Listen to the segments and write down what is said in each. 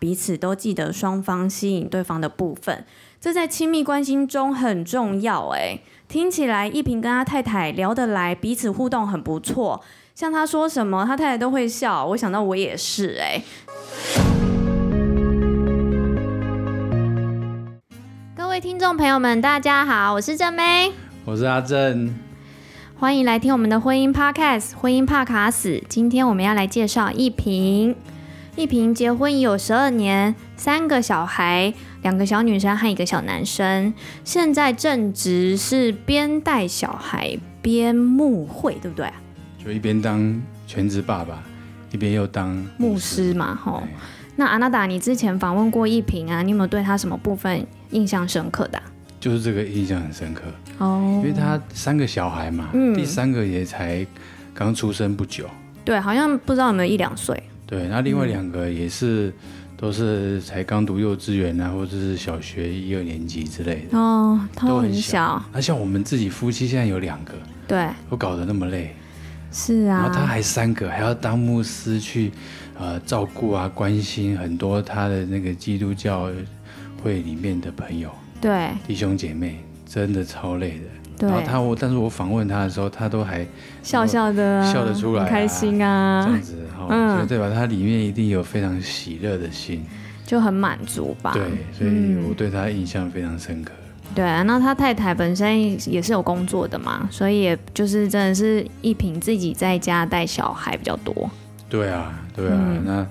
彼此都記得雙方吸引對方的部分，這在親密關係中很重要、欸。哎，聽起來一平跟他太太聊得來，彼此互動很不錯。像他說什麼，他太太都會笑。我想到我也是、欸。哎，各位聽眾朋友們，大家好，我是正妹，我是阿正，歡迎來聽我們的婚姻 Pacast《婚姻怕卡死》。今天我們要來介紹一平。一平結婚已有十二年，三個小孩，兩個小女生和一個小男生，現在正值是邊帶小孩邊牧會，對不對、啊？就一邊當全職爸爸，一邊又當牧師,牧師嘛，吼對。那阿娜達，你之前訪問過一平啊，你有沒有對他什麼部分印象深刻的、啊？就是這個印象很深刻哦，oh. 因為他三個小孩嘛，第三個也才剛出生不久，對，好像不知道有沒有一兩歲。對，那另外兩個也是，都是才剛讀幼稚園啊，或者是小學一二年級之類的哦，都很小。那像我們自己夫妻現在有兩個，對，都搞得那麼累，是啊。然後他還三個，還要當牧師去照顧啊關心很多他的那個基督教會裡面的朋友，對，弟兄姐妹，真的超累的。對，然後他我，但是我訪問他的時候，他都還笑笑的，啊，笑得出來，啊，開心啊，這樣子，好，嗯、對吧？他裡面一定有非常喜樂的心，就很滿足吧？對，所以我對他印象非常深刻。嗯、對，啊，那他太太本身也是有工作的嘛，所以也就是真的是一平自己在家帶小孩比較多。對啊，對啊，啊、那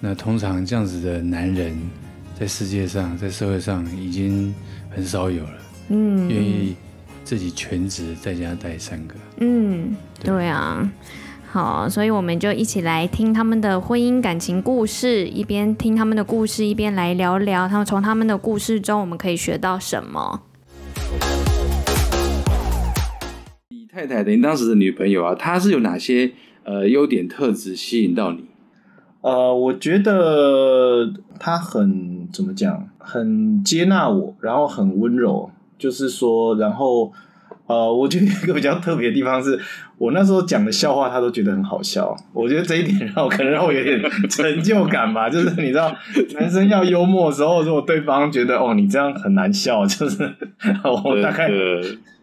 那通常這樣子的男人，在世界上，在社會上已經很少有了，嗯，願意。自己全職在家帶三個，嗯，對啊，好，所以我們就一起來聽他們的婚姻感情故事，一邊聽他們的故事，一邊來聊聊他們，從他們的故事中我們可以學到什麼？你太太，您當時的女朋友啊，她是有哪些呃優點特質吸引到你？呃，我覺得她很怎麼講，很接納我，然後很溫柔。就是說，然後，呃，我覺得一個比較特別的地方是，我那時候講的笑話，他都覺得很好笑。我覺得這一點，然後可能讓我有點成就感吧。 就是你知道，男生要幽默的時候，如果對方覺得哦你這樣很難笑，就是我大概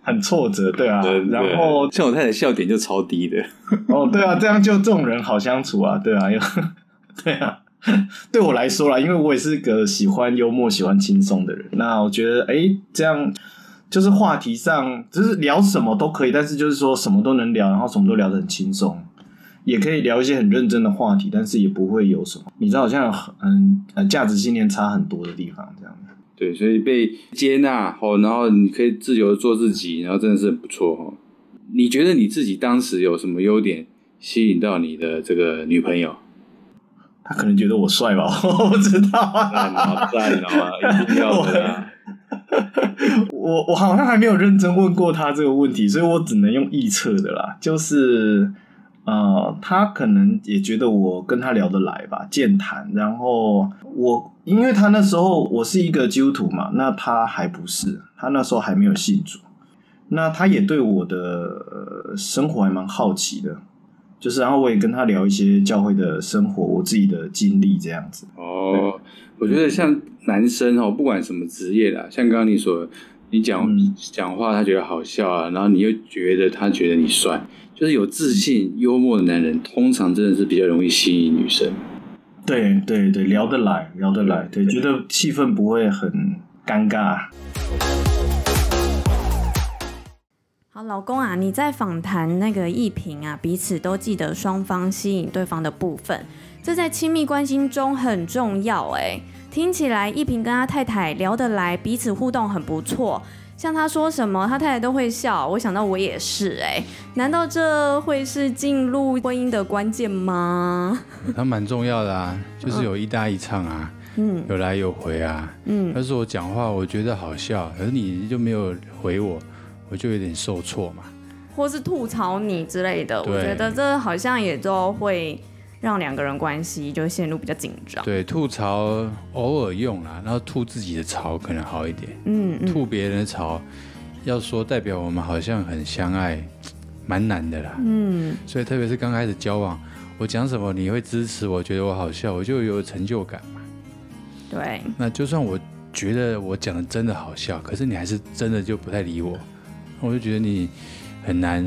很挫折，對啊。對對，然後像我太太笑點就超低的，哦對啊，這樣就這種人好相處啊，對啊，又對啊。 對我來說啦，因為我也是個喜歡幽默、喜歡輕鬆的人。那我覺得，哎，這樣就是話題上，就是聊什麼都可以，但是就是說什麼都能聊，然後什麼都聊得很輕鬆，也可以聊一些很認真的話題，但是也不會有什麼，你知道，好像很嗯，嗯，價值信念差很多的地方，這樣。對，所以被接納，哦，然後你可以自由做自己，然後真的是很不錯哦。你覺得你自己當時有什麼優點吸引到你的這個女朋友？他可能覺得我帥吧，我不知道啊。好帥，你知啊，一定要的。我我好像還沒有認真問過他這個問題，所以我只能用臆測的啦。就是，呃，他可能也覺得我跟他聊得來吧，健談。然後我，因為他那時候我是一個基督徒嘛，那他還不是，他那時候還沒有信主。那他也對我的生活還蠻好奇的。就是，然後我也跟他聊一些教會的生活，我自己的經歷這樣子。哦，對我覺得像男生哦，不管什麼職業啦，像剛剛你說你講、嗯、講話，他覺得好笑啊，然後你又覺得他覺得你帥，就是有自信、幽默的男人，通常真的是比較容易吸引女生。對對對，聊得來，聊得來，對，對覺得氣氛不會很尷尬。老公啊，你在訪談那個一平啊，彼此都記得雙方吸引對方的部分，這在親密關係中很重要哎。聽起來一平跟他太太聊得來，彼此互動很不錯，像他說什麼，他太太都會笑。我想到我也是哎，難道這會是進入婚姻的關鍵嗎？他蠻重要的啊，就是有一搭一唱啊，嗯，有來有回啊，嗯，但是我講話我覺得好笑，而你就沒有回我。我就有點受挫嘛，或是吐槽你之類的，對我覺得這好像也都會讓兩個人關係就陷入比較緊張。對，吐槽偶爾用啦，然後吐自己的槽可能好一點。嗯，吐別人的槽，要說代表我們好像很相愛，蠻難的啦。嗯，所以特別是剛開始交往，我講什麼你會支持我，我覺得我好笑，我就有成就感嘛。對。那就算我覺得我講的真的好笑，可是你還是真的就不太理我。我就覺得你很難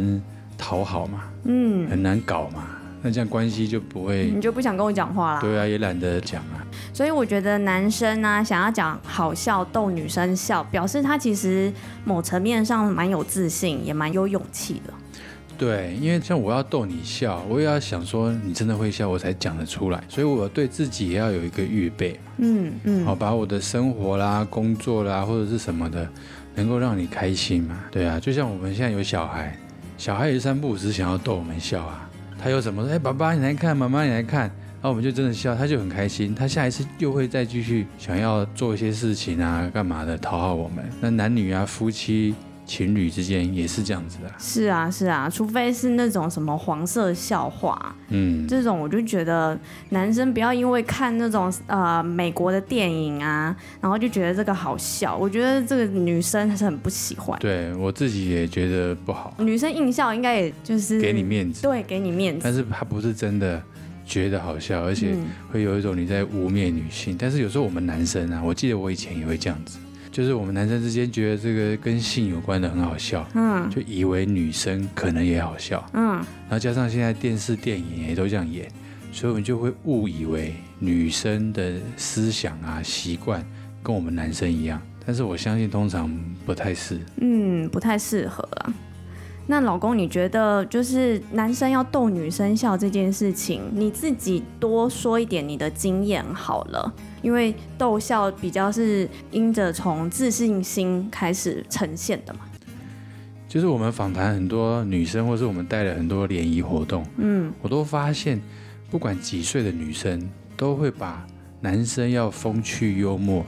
討好嘛，嗯，很難搞嘛，那這樣關係就不會，你就不想跟我講話了？對啊，也懶得講啊。所以我覺得男生啊，想要講好笑逗女生笑，表示他其實某層面上蠻有自信，也蠻有勇氣的。對，因為像我要逗你笑，我也要想說你真的會笑，我才講得出來。所以我對自己也要有一個預備嘛，嗯嗯，好，把我的生活啦、工作啦或者是什麼的。能夠讓你開心嘛？對啊，就像我們現在有小孩，小孩也是三不五時想要逗我們笑啊。他又怎麼說，哎、欸，爸爸你來看，媽媽你來看，然後我們就真的笑，他就很開心。他下一次又會再繼續想要做一些事情啊，幹嘛的討好我們？那男女啊，夫妻。情侶之間也是這樣子的啊，是啊是啊，除非是那種什麼黃色笑話，嗯，這種我就覺得男生不要因為看那種呃、美國的電影啊，然後就覺得這個好笑，我覺得這個女生還是很不喜歡。對，我自己也覺得不好啊，女生硬笑應該也就是給你面子，對，給你面子，但是她不是真的覺得好笑，而且會有一種你在污衊女性。但是有時候我們男生啊，我記得我以前也會這樣子。就是我們男生之間覺得這個跟性有關的很好笑，嗯，就以為女生可能也好笑，嗯，然後加上現在電視電影也都這樣演，所以我們就會誤以為女生的思想啊習慣跟我們男生一樣，但是我相信通常不太適，嗯，不太適合啊。那老公，你覺得就是男生要逗女生笑這件事情，你自己多說一點你的經驗好了，因為逗笑比較是因着從自信心開始呈現的嘛。就是我們訪談很多女生，或是我們帶了很多聯誼活動，嗯，我都發現，不管幾歲的女生，都會把男生要風趣幽默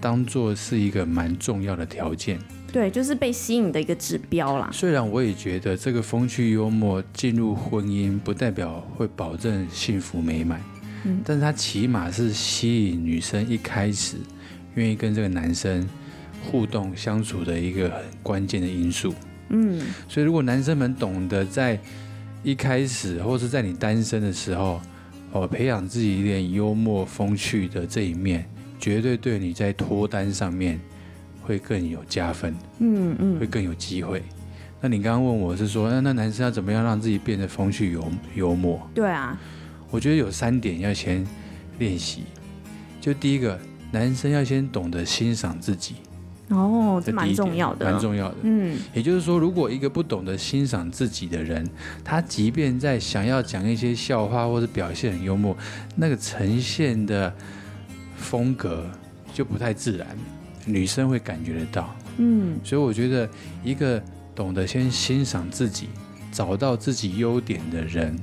當做是一個蠻重要的條件。對，就是被吸引的一個指標啦。雖然我也覺得這個風趣幽默進入婚姻不代表會保證幸福美滿，嗯，但是它起碼是吸引女生一開始願意跟這個男生互動相處的一個很關鍵的因素，嗯，所以如果男生們懂得在一開始或是在你單身的時候，哦，培養自己一點幽默風趣的這一面，絕對對你在脫單上面。會更有加分，嗯嗯，會更有機會。那你剛剛問我是說，那那男生要怎麼樣讓自己變得風趣、幽幽默？對啊，我覺得有三點要先練習。就第一個，男生要先懂得欣賞自己。哦，這蠻重要的，蠻重要的。嗯，也就是說，如果一個不懂得欣賞自己的人，他即便在想要講一些笑話或者表現很幽默，那個呈現的風格就不太自然。女生會感覺得到，嗯，所以我覺得一個懂得先欣賞自己、找到自己優點的人，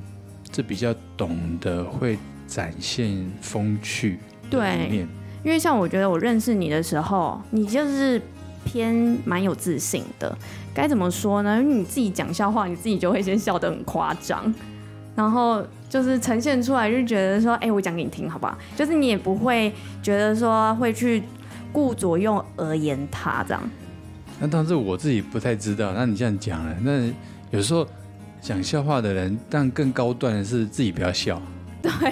是比較懂得會展現風趣的一面。因為像我覺得我認識你的時候，你就是偏蠻有自信的。該怎麼說呢？因為你自己講笑話，你自己就會先笑得很誇張，然後就是呈現出來，就覺得說：“哎，我講給你聽好不好？”就是你也不會覺得說會去。顧左右而言他，這樣。那當時我自己不太知道。那你這樣講了，那有時候講笑話的人，但更高段的是自己不要笑，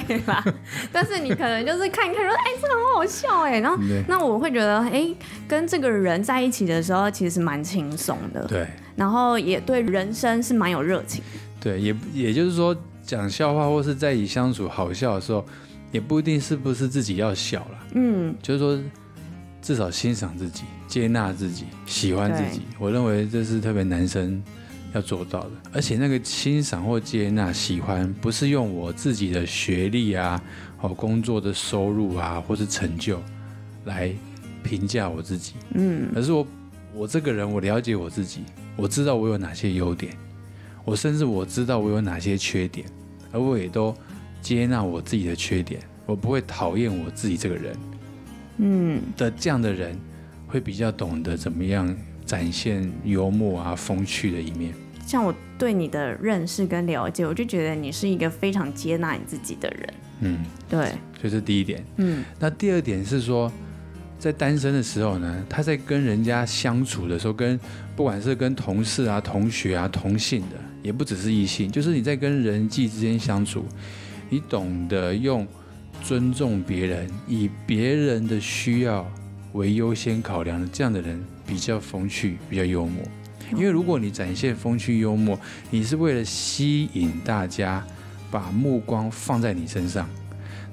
對吧啦？ 但是你可能就是看一看，說：“哎、欸，這個很好笑。”哎，然後對那我會覺得：“哎、欸，跟這個人在一起的時候，其實蠻輕鬆的。”對。然後也對人生是蠻有熱情。對，也也就是說，講笑話或是在一起相處好笑的時候，也不一定是不是自己要笑了。嗯，就是說。至少欣賞自己、接納自己、喜歡自己，對 我認為這是特別男生要做到的。而且那個欣賞或接納、喜歡，不是用我自己的學歷啊、哦工作的收入啊或是成就來評價我自己。嗯，而是我我這個人，我了解我自己，我知道我有哪些優點，我甚至我知道我有哪些缺點，而我也都接納我自己的缺點，我不會討厭我自己這個人。嗯的這樣的人，會比較懂得怎麼樣展現幽默啊、風趣的一面。像我對你的認識跟了解，我就覺得你是一個非常接納你自己的人。嗯，對，這是第一點。嗯，那第二點是說，在單身的時候呢，他在跟人家相處的時候，跟不管是跟同事啊、同學啊、同性的，也不只是異性，就是你在跟人際之間相處，你懂得用。尊重別人，以別人的需要為優先考量的這樣的人比較風趣，比較幽默。因為如果你展現風趣幽默，你是為了吸引大家把目光放在你身上，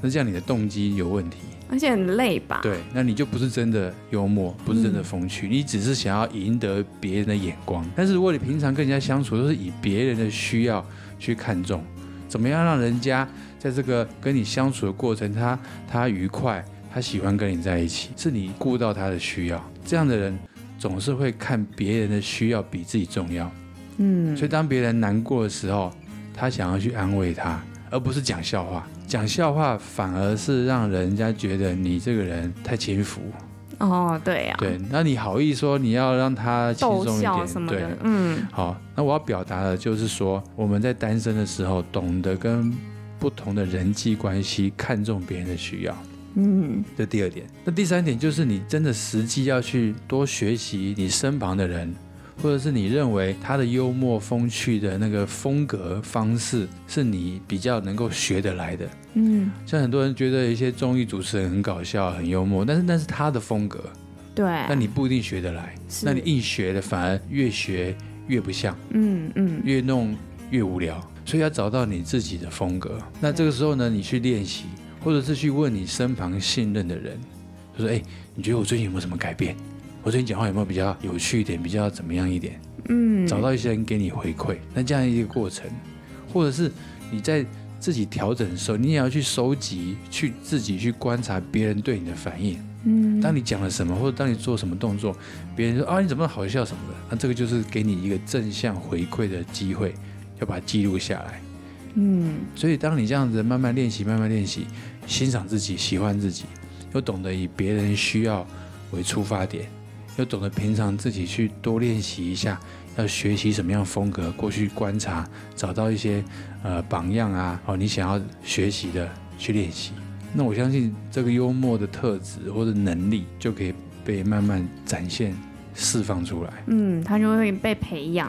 那這樣你的動機有問題，而且很累吧？對，那你就不是真的幽默，不是真的風趣，你只是想要贏得別人的眼光。但是如果你平常跟人家相處都是以別人的需要去看重，怎麼樣讓人家？在這個跟你相處的過程，他他愉快，他喜歡跟你在一起，是你顧到他的需要。這樣的人總是會看別人的需要比自己重要。嗯，所以當別人難過的時候，他想要去安慰他，而不是講笑話。講笑話反而是讓人家覺得你這個人太輕浮。哦，對呀。對啊。對，那你好意思說你要讓他輕鬆一點，對的，嗯。好，那我要表達的就是說，我們在單身的時候懂得跟。不同的人際關係，看重別人的需要。嗯，這第二點。那第三點就是，你真的實際要去多學習你身旁的人，或者是你認為他的幽默風趣的那個風格方式，是你比較能夠學得來的。嗯，像很多人覺得一些綜藝主持人很搞笑、很幽默，但是那是他的風格。對，那你不一定學得來。那你硬學的，反而越學越不像。嗯嗯，越弄越無聊。所以要找到你自己的風格。那這個時候呢，你去練習，或者是去問你身旁信任的人，就說：“哎，你覺得我最近有沒有什麼改變？我最近講話有沒有比較有趣一點，比較怎麼樣一點？”嗯，找到一些人給你回饋。那這樣一個過程，或者是你在自己調整的時候，你也要去收集，去自己去觀察別人對你的反應。嗯，當你講了什麼，或者當你做什麼動作，別人說：“啊，你怎麼好笑什麼的？”那這個就是給你一個正向回饋的機會。要把它記錄下來，嗯，所以當你這樣子慢慢練習，慢慢練習，欣賞自己，喜歡自己，又懂得以別人需要為出發點，又懂得平常自己去多練習一下，要學習什麼樣風格，過去觀察，找到一些呃榜樣啊，哦，你想要學習的去練習。那我相信這個幽默的特質或者能力就可以被慢慢展現、釋放出來，嗯，它就會被培養，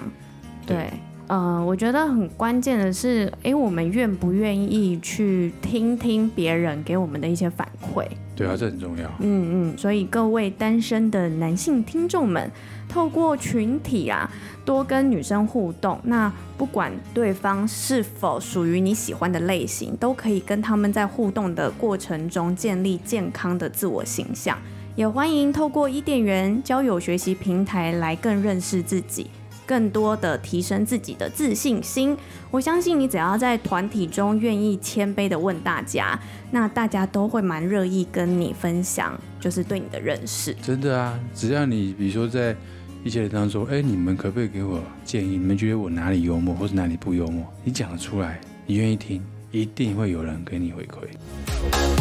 對。呃，我覺得很關鍵的是，哎，我們願不願意去聽聽別人給我們的一些反饋？對啊，這很重要。嗯嗯，所以各位單身的男性聽眾們，透過群體啊，多跟女生互動。那不管對方是否屬於你喜歡的類型，都可以跟他們在互動的過程中建立健康的自我形象。也歡迎透過伊甸緣交友學習平台來更認識自己。更多的提升自己的自信心，我相信你只要在團體中願意謙卑的問大家，那大家都會蠻樂意跟你分享，就是對你的認識。真的啊，只要你比如說在一些人當中，哎、欸，你們可不可以給我建議？你們覺得我哪裡幽默，或者哪裡不幽默？你講得出來，你願意聽，一定會有人給你回饋。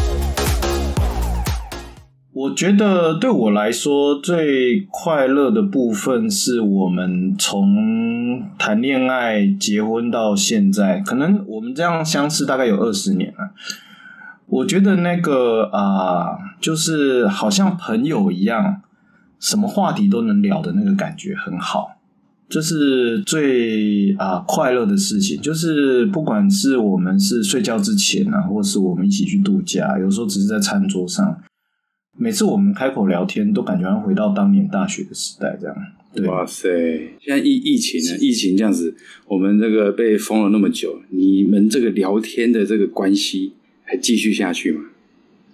我覺得對我來說最快樂的部分是我們從談戀愛、結婚到現在，可能我們這樣相識大概有二十年了。我覺得那個啊，呃，就是好像朋友一樣，什麼話題都能聊的那個感覺很好，這、就是最啊，呃，快樂的事情。就是不管是我們是睡覺之前啊，或是我們一起去度假，有時候只是在餐桌上。每次我們開口聊天，都感覺像回到當年大學的時代這樣。對，哇塞！現在疫疫情呢？啊？疫情這樣子，我們這個被封了那麼久，你們這個聊天的這個關係還繼續下去嗎？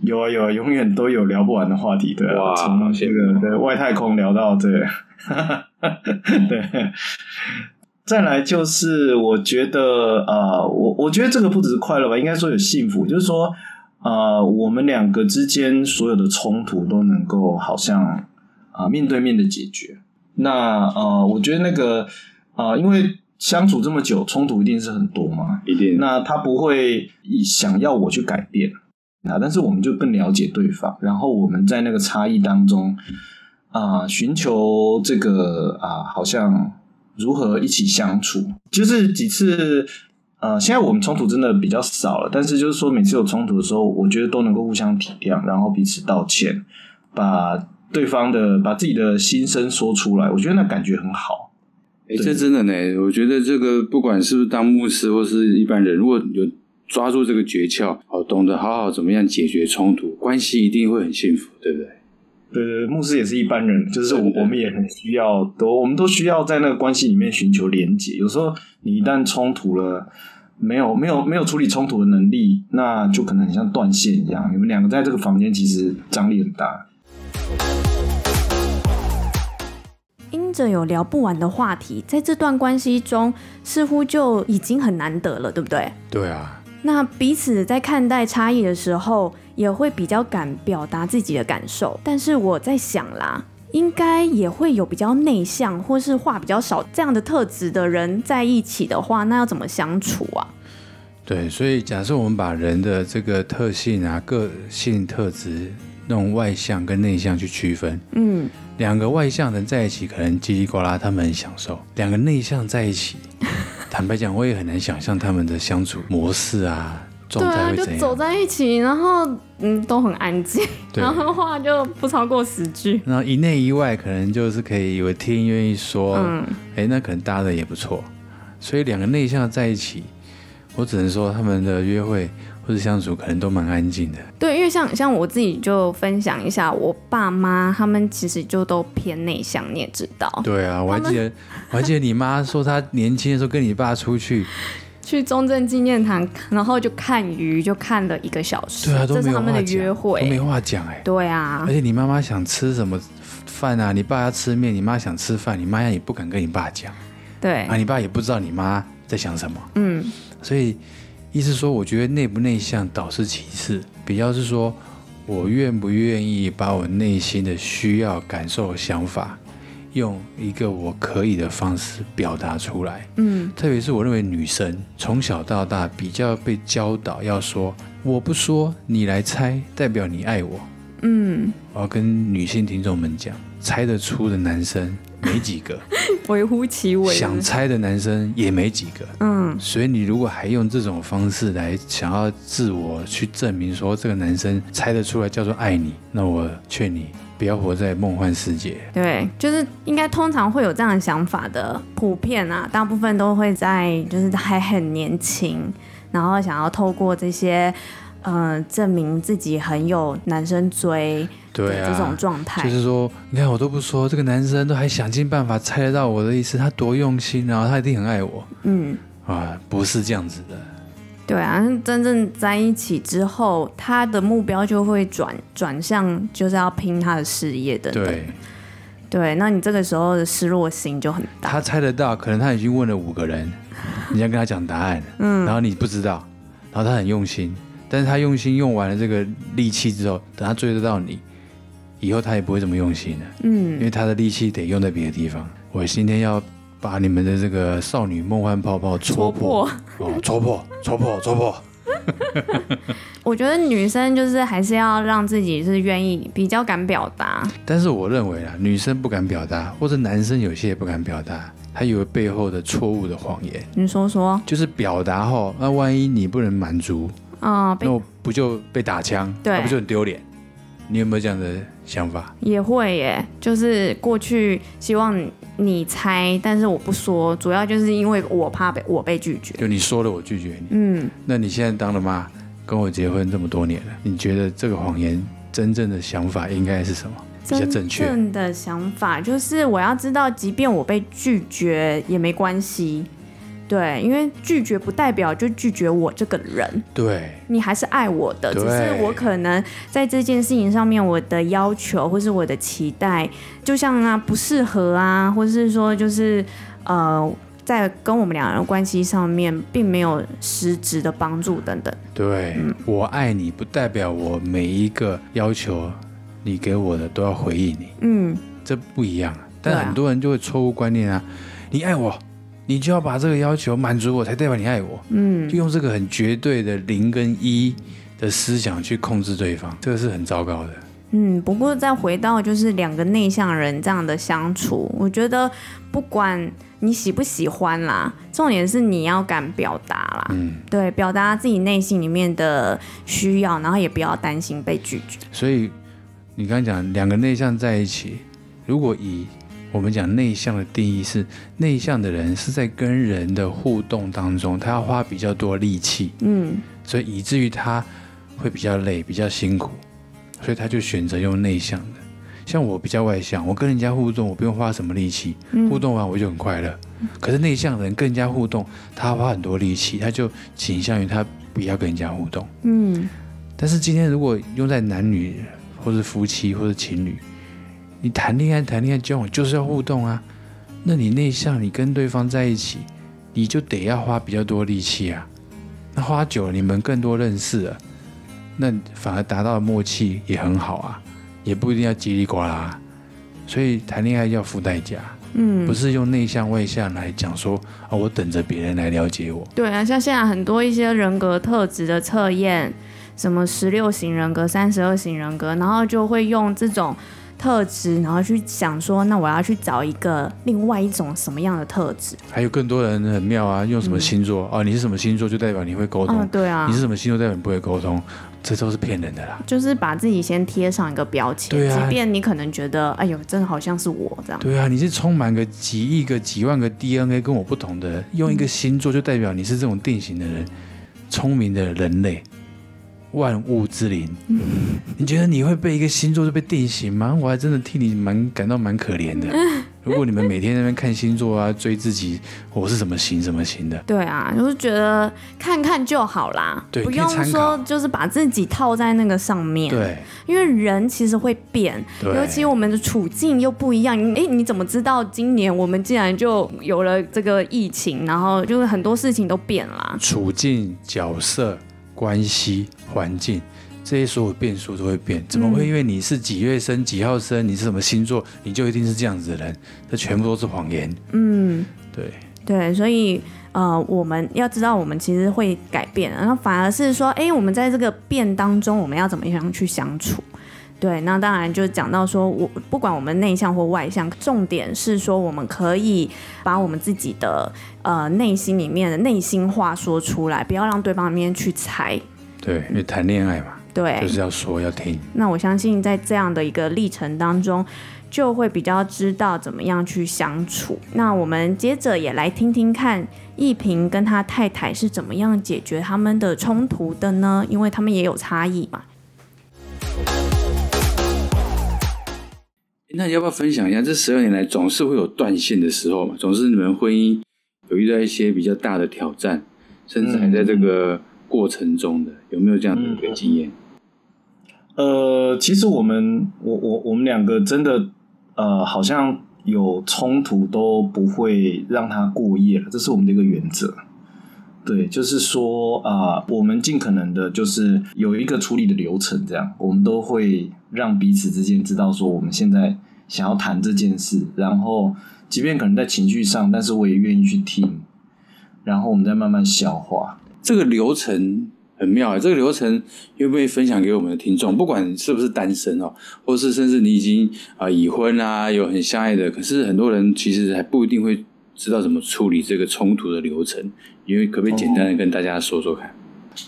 有啊有啊，永遠都有聊不完的話題。對啊，從哇這個哪對外太空聊到對、這個， 對。再來就是，我覺得啊、呃，我我覺得這個不只是快樂吧，應該說有幸福，就是說。啊、呃，我們兩個之間所有的衝突都能夠好像啊、呃，面對面的解決。那呃，我覺得那個啊、呃，因為相處這麼久，衝突一定是很多嘛，一定。那他不會想要我去改變啊，但是我們就更了解對方，然後我們在那個差異當中啊，尋、呃、求這個啊、呃，好像如何一起相處，就是幾次。呃，現在我們衝突真的比較少了，但是就是說每次有衝突的時候，我覺得都能夠互相體諒，然後彼此道歉，把對方的，把自己的心聲說出來，我覺得那感覺很好。哎，這真的呢，我覺得這個不管是不是當牧師或是一般人，如果有抓住這個訣竅，好，懂得好好怎麼樣解決衝突，關係一定會很幸福，對不對？對對、呃，牧師也是一般人，就是我我們也很需要，都的我們都需要在那個關係裡面尋求連接。有時候你一旦衝突了，沒有沒有沒有處理衝突的能力，那就可能很像斷線一樣。你們兩個在這個房間其實張力很大，因着有聊不完的話題，在這段關係中似乎就已經很難得了，對不對？對啊。那彼此在看待差異的時候。也會比較敢表達自己的感受，但是我在想啦，應該也會有比較內向或是話比較少這樣的特質的人在一起的話，那要怎麼相處啊？對，所以假設我們把人的這個特性啊、個性特質、用外向跟內向去區分，嗯，兩個外向人在一起可能嘰里呱啦，他們很享受；兩個內向在一起，嗯、坦白講，我也很難想象他們的相處模式啊。對啊，就走在一起，然後嗯，都很安靜，對然後話就不超過十句。然後一內一外，可能就是可以有聽願意說，嗯，哎、欸，那可能搭的也不錯。所以兩個內向在一起，我只能說他們的約會或者相處可能都蠻安靜的。對，因為像像我自己就分享一下，我爸媽他們其實就都偏內向，你也知道。對啊，我還記得，他們 我還記得你媽說她年輕的時候跟你爸出去。去中正紀念堂，然後就看魚，就看了一個小時。對啊，都沒有話講，這是他們的約會。都沒話講哎。對啊。而且你媽媽想吃什麼飯啊？你爸要吃麵，你媽想吃飯，你媽也不敢跟你爸講。對。啊，你爸也不知道你媽在想什麼。嗯。所以，意思說，我覺得內不內向倒是其次，比較是說我願不願意把我內心的需要、感受、想法。用一個我可以的方式表達出來，嗯，特別是我認為女生從小到大比較被教導要說，我不說你來猜，代表你愛我，嗯，我要跟女性聽眾們講，猜得出的男生沒幾個，微乎其微，想猜的男生也沒幾個，嗯，所以你如果還用這種方式來想要自我去證明說這個男生猜得出來叫做愛你，那我勸你。不要活在夢幻世界。對，就是應該通常會有這樣的想法的普遍啊，大部分都會在就是還很年輕，然後想要透過這些嗯、呃、證明自己很有男生追。對，這種狀態。就是說，你看我都不說，這個男生都還想盡辦法猜得到我的意思，他多用心，然後他一定很愛我。嗯啊，不是這樣子的。對啊，真正在一起之後，他的目標就會轉轉向，就是要拼他的事業的對對，那你這個時候的失落心就很大。他猜得到，可能他已經問了五個人，你要跟他講答案， 嗯，然後你不知道，然後他很用心，但是他用心用完了這個力氣之後，等他追得到你，以後他也不會這麼用心了，嗯，因為他的力氣得用在別的地方。我今天要。把你們的這個少女夢幻泡泡戳破，戳破哦！戳破，戳破，戳破！ 我覺得女生就是還是要讓自己是願意比較敢表達。但是我認為啦，女生不敢表達，或者男生有些也不敢表達，他以為背後的錯誤的謊言。你說說，就是表達後，那萬一你不能滿足啊，嗯、那我不就被打槍？對，不就很丟臉？你有沒有這樣的想法？也會耶，就是過去希望你猜，但是我不說，主要就是因為我怕被我被拒絕。就你說了，我拒絕你。嗯，那你現在當了媽，跟我結婚這麼多年了，你覺得這個謊言真正的想法應該是什麼？比較正確的，真正的想法就是我要知道，即便我被拒絕也沒關係。對，因為拒絕不代表就拒絕我這個人。對，你還是愛我的。對只是我可能在這件事情上面，我的要求或是我的期待，就像啊不適合啊，或者是說就是呃，在跟我們兩人關係上面並沒有實質的幫助等等。對，嗯、我愛你不代表我每一個要求你給我的都要回應你。嗯，這不一樣。但很多人就會錯誤觀念啊，啊你愛我，你就要把這個要求滿足我才代表你愛我，嗯，就用這個很絕對的零跟一的思想去控制對方，這個是很糟糕的。嗯，不過再回到就是兩個內向人這樣的相處，我覺得不管你喜不喜歡啦，重點是你要敢表達啦，嗯，對，表達自己內心裡面的需要，然後也不要擔心被拒絕。所以你剛剛講兩個內向在一起，如果以我們講內向的定義是，內向的人是在跟人的互動當中，他要花比較多力氣，嗯，所以以至於他會比較累，比較辛苦，所以他就選擇用內向的。像我比較外向，我跟人家互動，我不用花什麼力氣，互動完我就很快樂。可是內向的人跟人家互動，他花很多力氣，他就傾向於他不要跟人家互動，嗯。但是今天如果用在男女，或是夫妻，或是情侶。你談戀愛、談戀愛交往就是要互動啊。那你內向，你跟對方在一起，你就得要花比較多力氣啊。那花久了，你們更多認識了，那反而達到的默契也很好啊，也不一定要嘰里呱啦。所以談戀愛要付代價，嗯，不是用內向外向來講說啊，我等着別人來了解我。對啊，像現在很多一些人格特質的測驗，什麼十六型人格、三十二型人格，然後就會用這種。特質，然後去想說，那我要去找一個另外一種什麼樣的特質？還有更多人很妙啊，用什麼星座啊，嗯哦，你是什麼星座就代表你會溝通，嗯？對啊，你是什麼星座代表你不會溝通？這都是騙人的啦。就是把自己先貼上一個標籤，對啊，即便你可能覺得，哎呦，真的好像是我這樣。對啊，你是充滿個幾億個、幾萬個 DNA 跟我不同的，用一個星座就代表你是這種定型的人，聰、嗯、明的人類。萬物之靈，你覺得你會被一個星座就被定型嗎？我還真的替你蠻感到蠻可憐的。如果你們每天在那邊看星座啊，追自己我是什麼型什麼型的，對啊，就是覺得看看就好啦，不用說就是把自己套在那個上面。對，因為人其實會變，尤其我們的處境又不一樣。誒，你怎麼知道今年我們竟然就有了這個疫情？然後就是很多事情都變了，處境、角色。關係、環境，這些所有變數都會變，怎麼會因為你是幾月生、幾號生，你是什麼星座，你就一定是這樣子的人？這全部都是謊言。嗯，對對，所以呃，我們要知道，我們其實會改變，然後反而是說，哎，我們在這個變當中，我們要怎麼樣去相處。對，那當然就講到說，我不管我們內向或外向，重點是說我們可以把我們自己的呃內心裡面的內心話說出來，不要讓對方那邊去猜。對，因為談戀愛嘛，對，就是要說要聽。那我相信在這樣的一個歷程當中，就會比較知道怎麼樣去相處。那我們接着也來聽聽看，一平跟他太太是怎麼樣解決他們的衝突的呢？因為他們也有差異嘛。那你要不要分享一下？這十二年來總是會有斷線的時候嘛，總是你們婚姻有遇到一些比較大的挑戰，甚至還在這個過程中的，嗯，有沒有這樣的一個經驗？嗯嗯，呃，其實我們我我我們兩個真的呃，好像有衝突都不會讓他過夜了，這是我們的一個原則。對，就是說啊、呃，我們盡可能的，就是有一個處理的流程，這樣我們都會讓彼此之間知道說，我們現在想要談這件事，然後即便可能在情緒上，但是我也願意去聽，然後我們再慢慢消化。這個流程很妙。欸，這個流程又被分享給我們的聽眾，不管是不是單身哦，或是甚至你已經啊、呃、已婚啊，有很相愛的，可是很多人其實還不一定會知道怎麼處理這個衝突的流程，因為可不可以簡單的跟大家說說看、哦？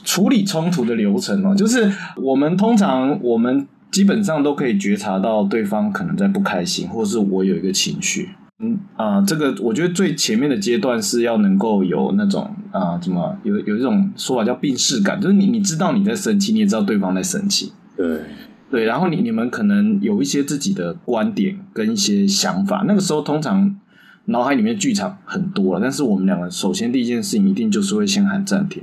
處理衝突的流程哦，就是我們通常我們基本上都可以覺察到對方可能在不開心，或者是我有一個情緒，嗯啊，這個我覺得最前面的階段是要能夠有那種啊，怎麼有有一種說法叫病識感，就是你你知道你在生氣，你也知道對方在生氣，對對，然後你你們可能有一些自己的觀點跟一些想法，那個時候通常。腦海裡面劇場很多了，但是我們兩個首先第一件事情一定就是會先喊暫停，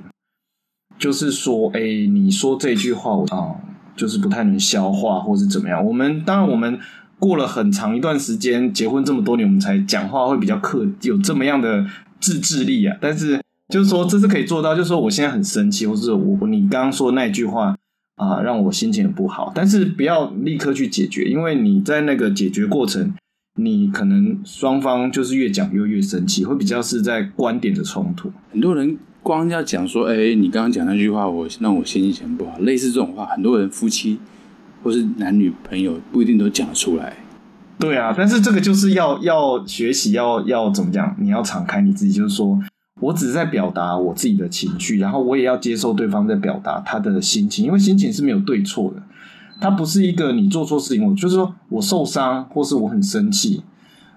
就是說，哎、欸，你說這句話我啊、嗯，就是不太能消化，或是怎麼樣。我們當然我們過了很長一段時間，結婚這麼多年，我們才講話會比較刻，有這麼樣的自制力啊。但是就是說，這是可以做到，就是說我現在很生氣，或是我你剛剛說的那句話啊、嗯，讓我心情很不好。但是不要立刻去解決，因為你在那個解決過程。你可能雙方就是越講越越生氣，會比較是在觀點的衝突。很多人光要講說，哎、欸，你剛剛講那句話我，我讓我心情很不好。類似這種話，很多人夫妻或是男女朋友不一定都講得出來。對啊，但是這個就是要要學習，要要怎麼講？你要敞開你自己，就是說我只是在表達我自己的情緒，然後我也要接受對方在表達他的心情，因為心情是沒有對錯的。它不是一個你做錯事情，我就是說我受傷，或是我很生氣，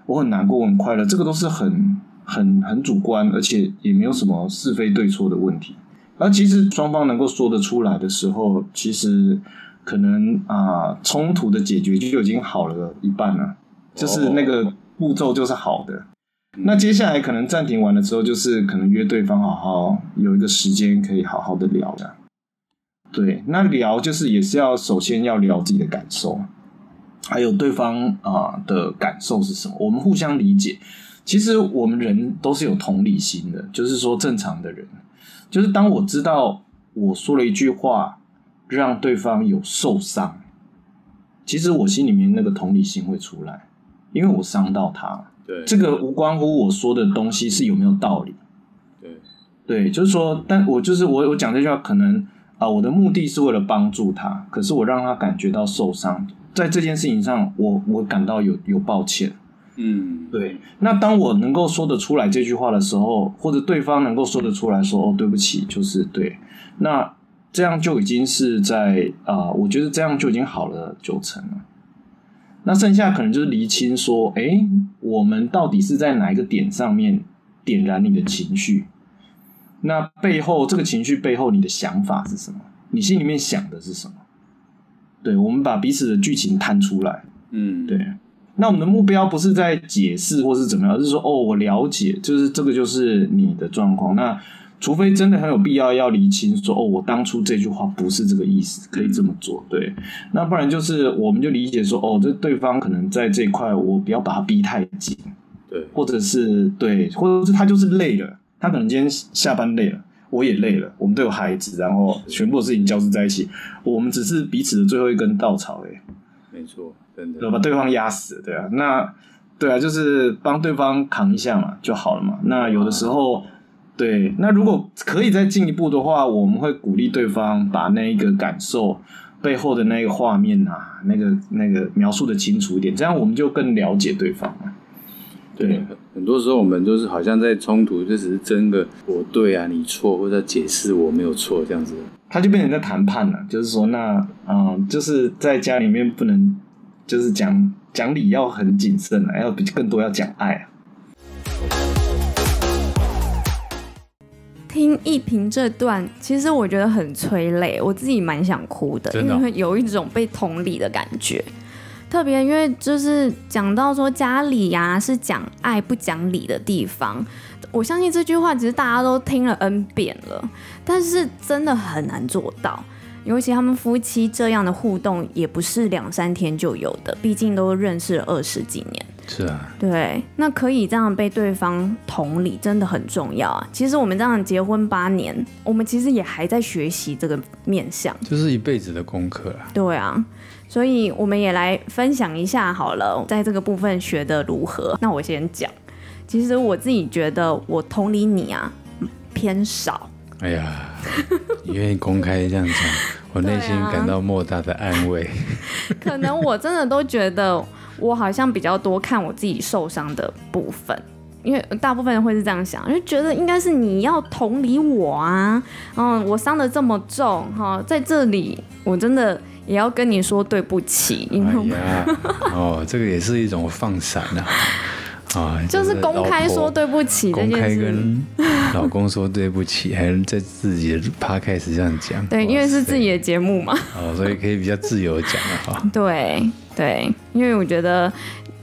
我很難過，我很快樂，這個都是很很很主觀，而且也沒有什麼是非對錯的問題。而其實雙方能夠說得出來的時候，其實可能啊、呃，衝突的解決就已經好了一半了，就是那個步驟就是好的。Oh. 那接下來可能暫停完了之後，就是可能約對方好好有一個時間可以好好的聊的。對，那聊就是也是要首先要聊自己的感受，還有對方啊、呃、的感受是什麼，我們互相理解。其實我們人都是有同理心的，就是說正常的人，就是當我知道我說了一句話讓對方有受傷，其實我心裡面那個同理心會出來，因為我傷到他。對，這個無關乎我說的東西是有沒有道理。對，對，就是說，但我就是我我講這句話可能。啊，我的目的是為了幫助他，可是我讓他感覺到受傷，在這件事情上我，我我感到有有抱歉，嗯，對。那當我能夠說得出來這句話的時候，或者對方能夠說得出來說，說哦，對不起，就是對。那這樣就已經是在啊、呃，我覺得這樣就已經好了九成了。那剩下可能就是釐清說，哎，我們到底是在哪一個點上面點燃你的情緒？那背後這個情緒背後，你的想法是什麼？你心裡面想的是什麼？對，我們把彼此的劇情攤出來。嗯，對。那我們的目標不是在解釋或是怎麼樣，而、就是說哦，我了解，就是這個就是你的狀況。那除非真的很有必要要釐清說，說哦，我當初這句話不是這個意思，嗯、可以這麼做。對，那不然就是我們就理解說哦，這對方可能在這一塊，我不要把他逼太緊。對，或者是對，或者是他就是累了。他可能今天下班累了，我也累了，我們都有孩子，然後全部的事情交織在一起，我們只是彼此的最後一根稻草。哎，沒錯，真的把對方壓死，對啊，那對啊，就是幫對方扛一下嘛就好了嘛，那有的時候，啊、對，那如果可以再進一步的話，我們會鼓勵對方把那個感受背後的那個畫面啊，那個那個描述的清楚一點，這樣我們就更了解對方，對。對很多時候我們就是好像在衝突，就只是爭個我對啊，你錯，或者解釋我沒有錯這樣子，他就變成在談判了。就是說那，那嗯，就是在家裡面不能，就是講講理要很謹慎了，要更多要講愛、啊。聽一平這段，其實我覺得很催淚，我自己蠻想哭的，真的哦、因為有一種被同理的感覺。特別因為就是講到說家裡呀、啊、是講愛不講理的地方，我相信這句話其實大家都聽了 N 遍了，但是真的很難做到。尤其他們夫妻這樣的互動也不是兩三天就有的，畢竟都認識了二十幾年。是啊，對，那可以這樣被對方同理，真的很重要啊。其實我們這樣結婚八年，我們其實也還在學習這個面向，就是一輩子的功課啊。對啊。所以我們也來分享一下好了，在這個部分學得如何？那我先講。其實我自己覺得，我同理你啊，偏少。哎呀，你願意公開這樣講，我內心感到莫大的安慰。可能我真的都覺得，我好像比較多看我自己受傷的部分，因為大部分人會是這樣想，就覺得應該是你要同理我啊。嗯，我傷得這麼重哈，在這裡我真的。也要跟你說對不起，uh, yeah, 哦，這個也是一種放閃吶，啊，哦、就是公開說對不起這件事，公開跟老公說對不起，還在自己的 Podcast 上講，對，哇塞。因為是自己的節目嘛，哦，所以可以比較自由講啊， 對對，因為我覺得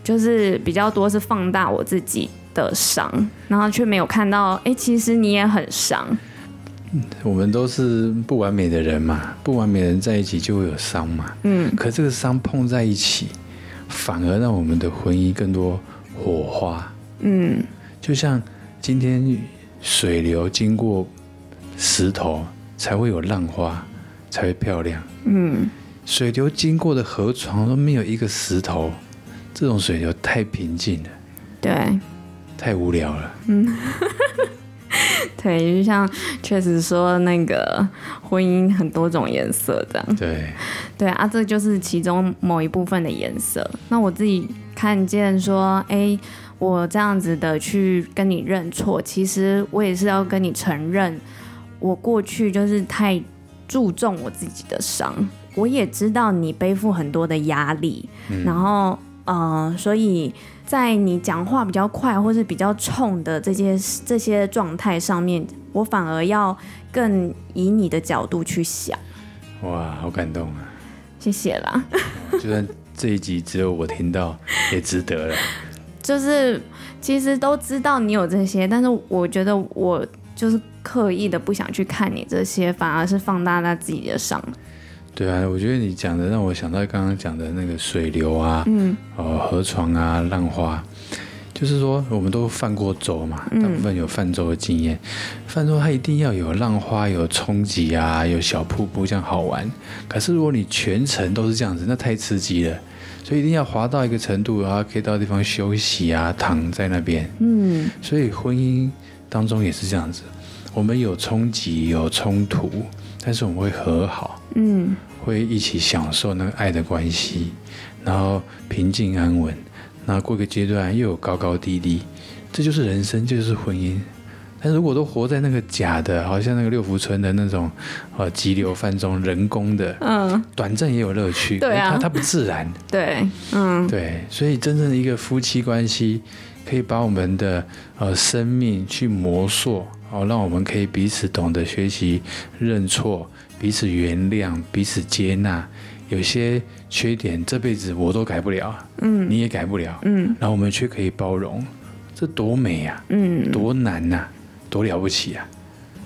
就是比較多是放大我自己的傷，然後卻沒有看到，哎、欸，其實你也很傷。我們都是不完美的人嘛，不完美的人在一起就會有傷嘛。嗯，可這個傷碰在一起，反而讓我們的婚姻更多火花。嗯，就像今天水流經過石頭，才會有浪花，才會漂亮。嗯，水流經過的河床都沒有一個石頭，這種水流太平靜了，對，太無聊了。嗯。對，就像確實說那個婚姻很多種顏色這樣。對，對啊，這就是其中某一部分的顏色。那我自己看見說，哎，我這樣子的去跟你認錯，其實我也是要跟你承認，我過去就是太注重我自己的傷。我也知道你背負很多的壓力，嗯、然後。嗯、呃，所以在你講話比較快或是比較衝的這些這些狀態上面，我反而要更以你的角度去想。哇，好感動啊！謝謝啦。就算這一集只有我聽到，也值得了。 就是其實都知道你有這些，但是我覺得我就是刻意的不想去看你這些，反而是放大在自己的傷上。對啊，我覺得你講的讓我想到剛剛講的那個水流啊，嗯，哦河床啊，浪花，就是說我們都泛過舟嘛，大部分有泛舟的經驗，嗯、泛舟它一定要有浪花、有衝擊啊，有小瀑布這樣好玩。可是如果你全程都是這樣子，那太刺激了，所以一定要滑到一個程度，然後可以到地方休息啊，躺在那邊，嗯，所以婚姻當中也是這樣子，我們有衝擊，有衝突。但是我們會和好，嗯，會一起享受那個愛的關係，然後平靜安穩。然後過個階段又有高高低低，這就是人生，就是婚姻。但如果都活在那個假的，好像那個六福村的那種，呃，急流泛舟，人工的，嗯，短暫也有樂趣，對啊、哎它，它不自然，對，嗯，對，所以真正的一個夫妻關係，可以把我們的呃生命去磨塑。好，讓我們可以彼此懂得學習認錯，彼此原諒，彼此接納。有些缺點，這輩子我都改不了，嗯，你也改不了，嗯，然後我們卻可以包容，這多美呀、啊，嗯，多難吶、啊，多了不起啊！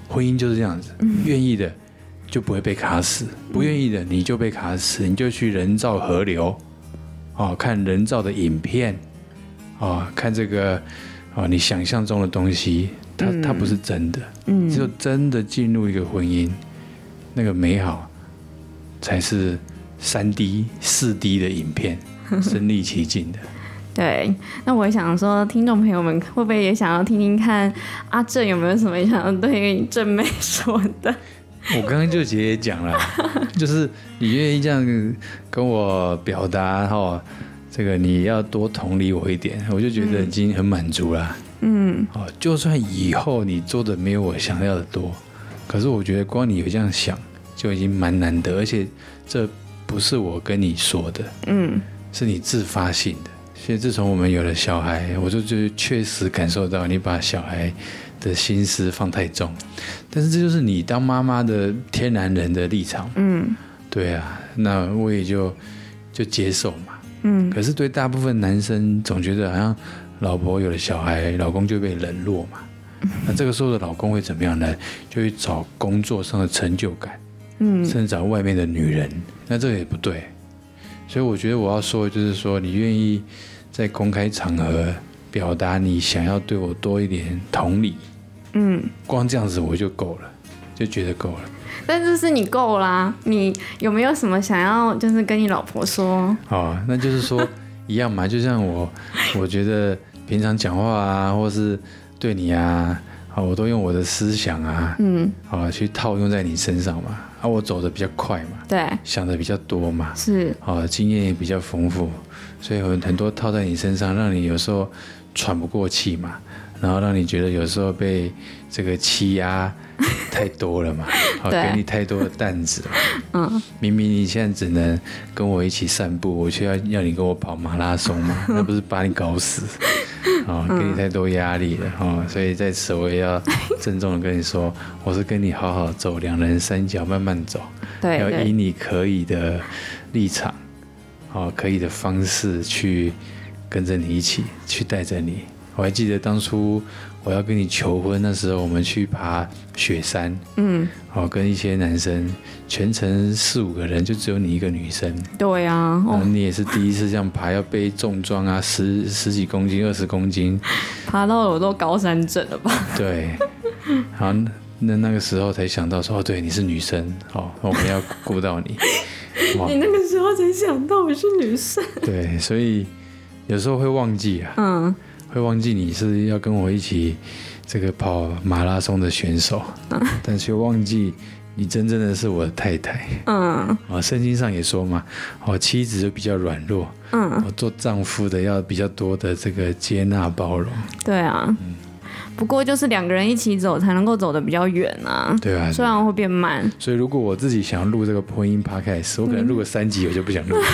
婚姻就是這樣子，願意的就不會被卡死，不願意的你就被卡死，你就去人造河流，哦，看人造的影片，哦，看這個，哦，你想象中的東西。它不是真的，嗯、只有真的進入一個婚姻，嗯、那個美好，才是三 D 四 D 的影片，身臨其境的呵呵。對，那我想說，聽眾朋友們會不會也想要聽聽看阿、啊、正有沒有什麼想要對於正妹說的？我剛剛就直接講了， 就是你願意這樣跟我表達然後……這個你要多同理我一點，我就覺得已經很滿足啦。嗯，哦，就算以後你做的沒有我想要的多，可是我覺得光你有這樣想就已經蠻難得，而且這不是我跟你說的，嗯，是你自發性的。所以自從我們有了小孩，我就覺得確實感受到你把小孩的心思放太重，但是這就是你當媽媽的天然人的立場。嗯，對啊，那我也就就接受嘛。嗯，可是對大部分男生，總覺得好像老婆有了小孩，老公就被冷落嘛。那這個時候的老公會怎麼樣呢？就會找工作上的成就感，嗯，甚至找外面的女人。那這個也不對。所以我覺得我要說的，就是說，你願意在公開場合表達你想要對我多一點同理，嗯，光這樣子我就夠了，就覺得夠了。但是是你夠啦，你有沒有什麼想要就是跟你老婆說？哦，那就是說一樣嘛，就像我，我覺得平常講話啊，或是對你啊，啊，我都用我的思想啊，嗯，啊，去套用在你身上嘛，啊，我走得比較快嘛，對，想得比較多嘛，是，啊，經驗也比較豐富，所以很很多套在你身上，讓你有時候喘不過氣嘛，然後讓你覺得有時候被這個欺壓。太多了嘛，好給你太多的擔子了。嗯，明明你現在只能跟我一起散步，我卻要要你跟我跑馬拉松嘛，那不是把你搞死？啊？給你太多壓力了。所以在此我也要鄭重的跟你說，我是跟你好好走，兩人三腳慢慢走，對，要以你可以的立場，哦，可以的方式去跟着你一起去帶着你。我還記得當初。我要跟你求婚，那時候我們去爬雪山，嗯，好，跟一些男生，全程四五個人，就只有你一個女生。對啊，哦，你也是第一次這樣爬， 要背重裝啊，十十幾公斤、二十公斤。爬到了我都高山症了吧？對。好，那那個時候才想到說 哦，對，你是女生，哦，我們、OK，我們要顧到你。哇，你那個時候才想到我是女生。對，所以有時候會忘記啊。嗯。會忘記你是要跟我一起這個跑馬拉松的選手，但卻忘記你真正的是我的太太。嗯，聖經上也說嘛，我妻子就比較軟弱，我、嗯、做丈夫的要比較多的這個接納包容。對啊。嗯。不過就是兩個人一起走才能夠走得比較遠啊！對啊，雖然我會變慢。所以如果我自己想要錄這個婚姻 Pacast，我可能錄個三集，我就不想錄了。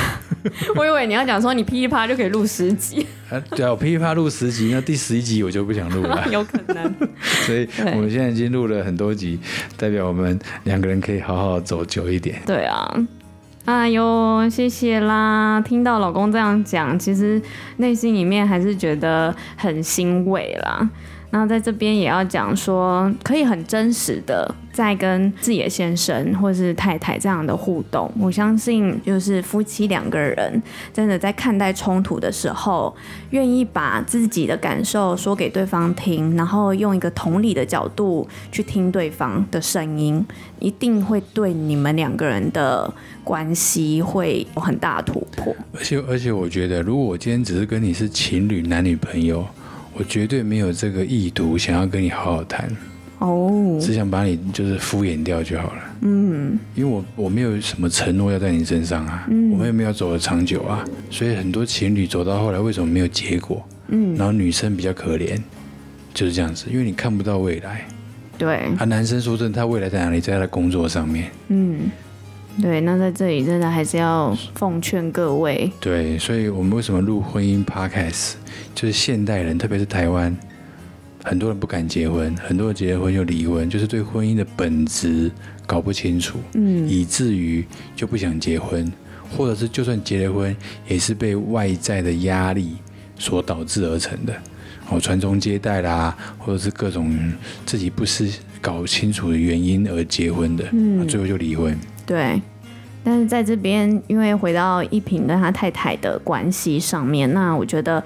嗯、 我以為你要講說你噼里啪就可以錄十集。 啊對啊，我噼里啪錄，錄十集，那第十一集我就不想錄了。 有可能。 所以我們現在已經錄了很多集，對代表我們兩個人可以好好走久一點。對啊，哎呦，謝謝啦！聽到老公這樣講，其實內心裡面還是覺得很欣慰啦。那在這邊也要講說，可以很真實的在跟自己的先生或是太太這樣的互動。我相信，就是夫妻兩個人真的在看待衝突的時候，願意把自己的感受說給對方聽，然後用一個同理的角度去聽對方的聲音，一定會對你們兩個人的關係會有很大的突破。而且而且，我覺得如果我今天只是跟你是情侶、男女朋友。我絕對沒有這個意圖，想要跟你好好談，哦，只想把你就是敷衍掉就好了。嗯，因為我我沒有什麼承諾要在你身上啊，我們也沒有走得長久啊，所以很多情侶走到後來為什麼沒有結果？嗯，然後女生比較可憐，就是這樣子，因為你看不到未來。對啊，男生說真的，他未來在哪裡？在他的工作上面。嗯。對，那在這裡真的還是要奉勸各位。對，所以我們為什麼錄婚姻 Podcast？就是現代人，特別是台灣，很多人不敢結婚，很多人結了婚就離婚，就是對婚姻的本質搞不清楚，嗯，以至於就不想結婚，或者是就算結了婚，也是被外在的壓力所導致而成的，哦，傳宗接代啦，或者是各種自己不是搞清楚的原因而結婚的，最後就離婚。對，但是在這邊，因為回到一平跟他太太的關係上面，那我覺得，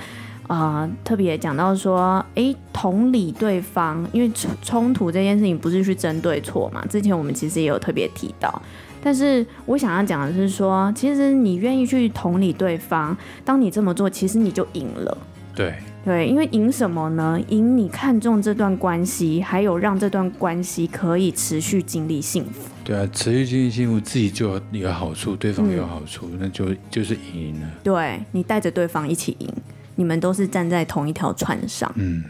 啊、呃，特別講到說，哎，同理對方，因為衝突這件事情不是去爭對錯嘛。之前我們其實也有特別提到，但是我想要講的是說，其實你願意去同理對方，當你這麼做，其實你就贏了。對。對，因為贏什麼呢？贏你看中這段關係，還有讓這段關係可以持續經歷幸福。對啊，持續經歷幸福，自己就有好處，對方有好處，嗯、那就就是贏了。對，你帶着對方一起贏，你們都是站在同一條船上。嗯。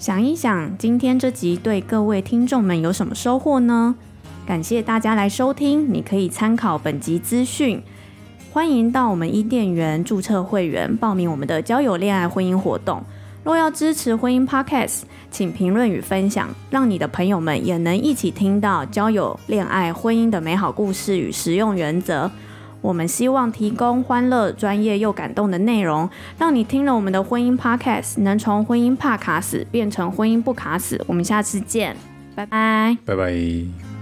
想一想，今天這集對各位聽眾們有什麼收穫呢？感謝大家來收聽，你可以參考本集資訊。歡迎到我們伊甸緣註冊會員，報名我們的交友、戀愛、婚姻活動。若要支持婚姻 Podcast，請評論與分享，讓你的朋友們也能一起聽到交友、戀愛、婚姻的美好故事與實用原則。我們希望提供歡樂、專業又感動的內容，讓你聽了我們的婚姻 Podcast 能從婚姻怕卡死變成婚姻不卡死。我們下次見，拜拜，拜拜。